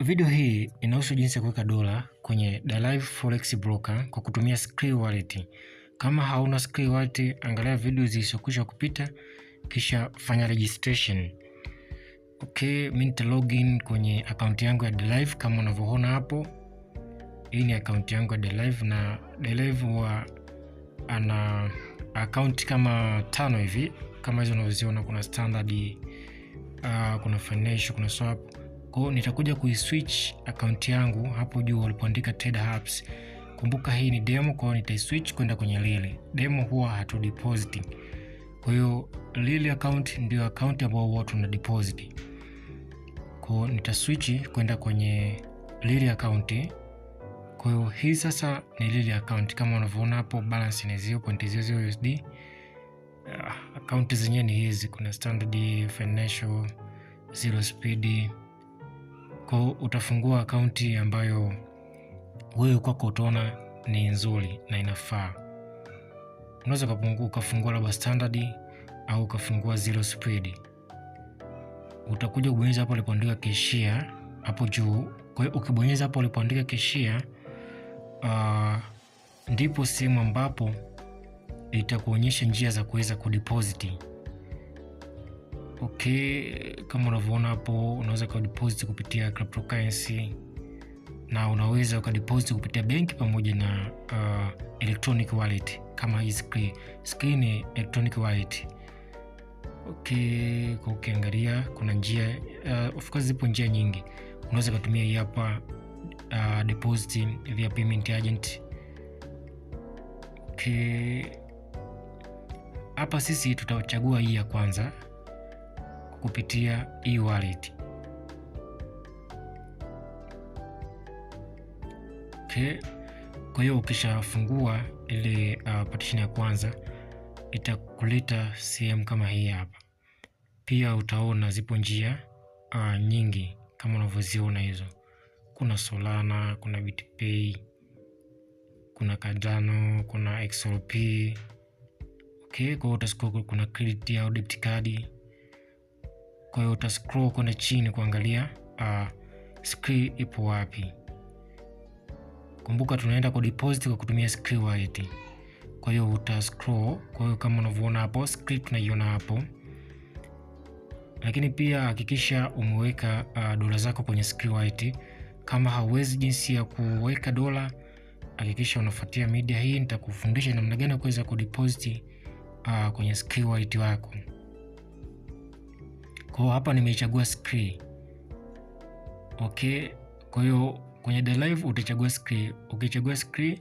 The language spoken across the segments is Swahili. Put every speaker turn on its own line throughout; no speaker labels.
Video hii inahusu jinsi ya kuweka dola kwenye Dalive Forex Broker kwa kutumia Skrill Wallet. Kama hauna Skrill Wallet, angalia video zilizokwisha kupita kisha fanya registration. Okay, mimi nita login kwenye akaunti yangu ya Dalive kama unavyoona hapo. Hii ni akaunti yangu ya Dalive na Dalive huwa ana akaunti kama tano hivi kama hizo unazoziona kuna standard, uh, kuna financial, kuna swap kwa hiyo nitakuja kuiswitch account yangu hapo juu walipoandika Hubs. Kumbuka hii ni demo, kwa hiyo nitaiswitch kwenda kwenye lile demo. Huwa hatu deposit, kwa hiyo lile account ndio account ambayo huwa tuna deposit. Kwa hiyo nitaswitch kwenda kwenye lile account. Kwa hiyo hii sasa ni lile account, kama unavyoona hapo balance ni 0.00 USD. Akaunti zenyewe ni hizi, kuna Standard Financial, Zero Speed kwa utafungua akaunti ambayo wewe kwako utaona ni nzuri na inafaa. Unaweza ukafungua labda standard au ukafungua zero speed. Utakuja kubonyeza hapo ulipoandika kishia hapo juu. Kwa hiyo ukibonyeza hapo ulipoandika kishia, uh, ndipo sehemu ambapo itakuonyesha njia za kuweza kudeposit Okay, kama unavyoona hapo, unaweza ukadeposit kupitia cryptocurrency na unaweza ukadeposit kupitia benki pamoja na uh, electronic wallet kama hii screen. Screen ni electronic wallet. Okay, kwa ukiangalia kuna njia uh, of course zipo njia nyingi. Unaweza ukatumia hii hapa uh, deposit via payment agent. Okay. Hapa sisi tutachagua hii ya kwanza kupitia e-wallet. Okay. Kwa hiyo ukishafungua ile uh, partition ya kwanza itakuleta sehemu kama hii hapa. Pia utaona zipo njia uh, nyingi kama unavyoziona hizo, kuna Solana, kuna BitPay, kuna Cardano, kuna XRP. Okay, kwa hiyo kuna credit au debit card kwa hiyo uta scroll kwenda chini kuangalia uh, screw ipo wapi. Kumbuka tunaenda ku deposit kwa kutumia screw wallet. Kwa hiyo uta scroll, kwa hiyo kama unavyoona hapo screw tunaiona hapo. Lakini pia hakikisha umeweka uh, dola zako kwenye screw wallet. Kama hauwezi jinsi ya kuweka dola, hakikisha unafuatia media hii. Nitakufundisha namna gani ya kuweza kudeposit uh, kwenye screw wallet wako. Kwa hiyo hapa nimechagua screen. Okay, kwa hiyo kwenye the live utachagua screen. Ukichagua screen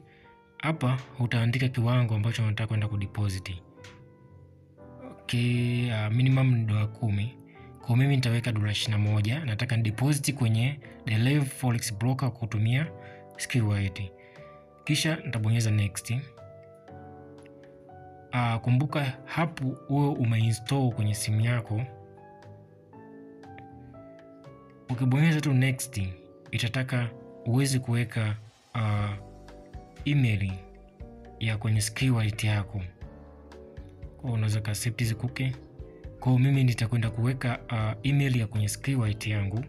hapa utaandika kiwango ambacho unataka kwenda kudeposit. Okay, uh, minimum ni dola kumi. Kwa mimi nitaweka dola na moja. Nataka nideposit kwenye the live forex broker kutumia Skrill Wallet. Kisha nitabonyeza next. Uh, kumbuka hapo wewe umeinstall kwenye simu yako Ukibonyeza tu next, itataka uwezi kuweka uh, email ya kwenye wallet yako. Kwa unaweza ka accept zikuke. Kwa mimi nitakwenda kuweka uh, email ya kwenye wallet yangu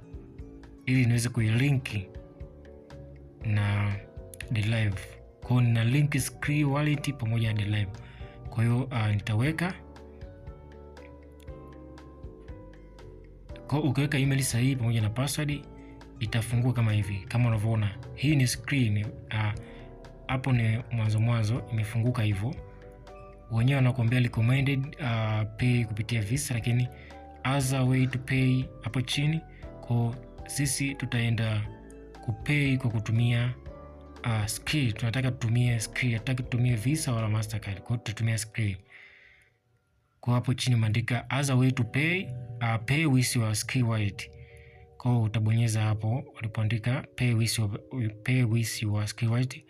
ili niweze kuilink na the live. Kwa nina link wallet pamoja na the live. Kwa hiyo uh, nitaweka Kwa hiyo ukiweka email sahihi pamoja na password itafungua kama hivi, kama unavyoona hii ni screen ah, hapo, uh, ni mwanzo mwanzo imefunguka hivyo. Wenyewe wanakuambia recommended uh, pay kupitia Visa, lakini as a way to pay hapo chini. Kwa sisi tutaenda kupay kwa kutumia uh, ah, Skrill. Tunataka tutumie Skrill, hatutaki tutumie Visa wala Mastercard, kwa hiyo tutatumia Skrill. Kwa hapo chini maandika a way to pay uh, pay with your ski wallet. Kwa hiyo utabonyeza hapo ulipoandika pay with your, pay with your ski wallet.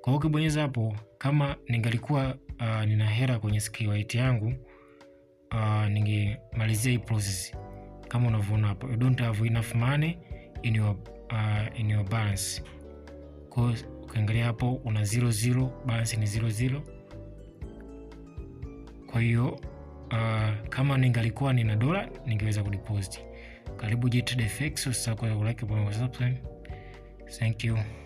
Kwa hiyo ukibonyeza hapo, kama ningalikuwa uh, nina hera kwenye ski wallet yangu uh, ningemalizia hii process kama unavyoona hapo, you don't have enough money in your, uh, in your balance. Kwa hiyo ukiangalia hapo una 00 balance ni 00, kwa hiyo uh, kama ningalikuwa nina dola ningeweza kudeposit. Karibu JtradeFX, usisahau pamoja Thank you.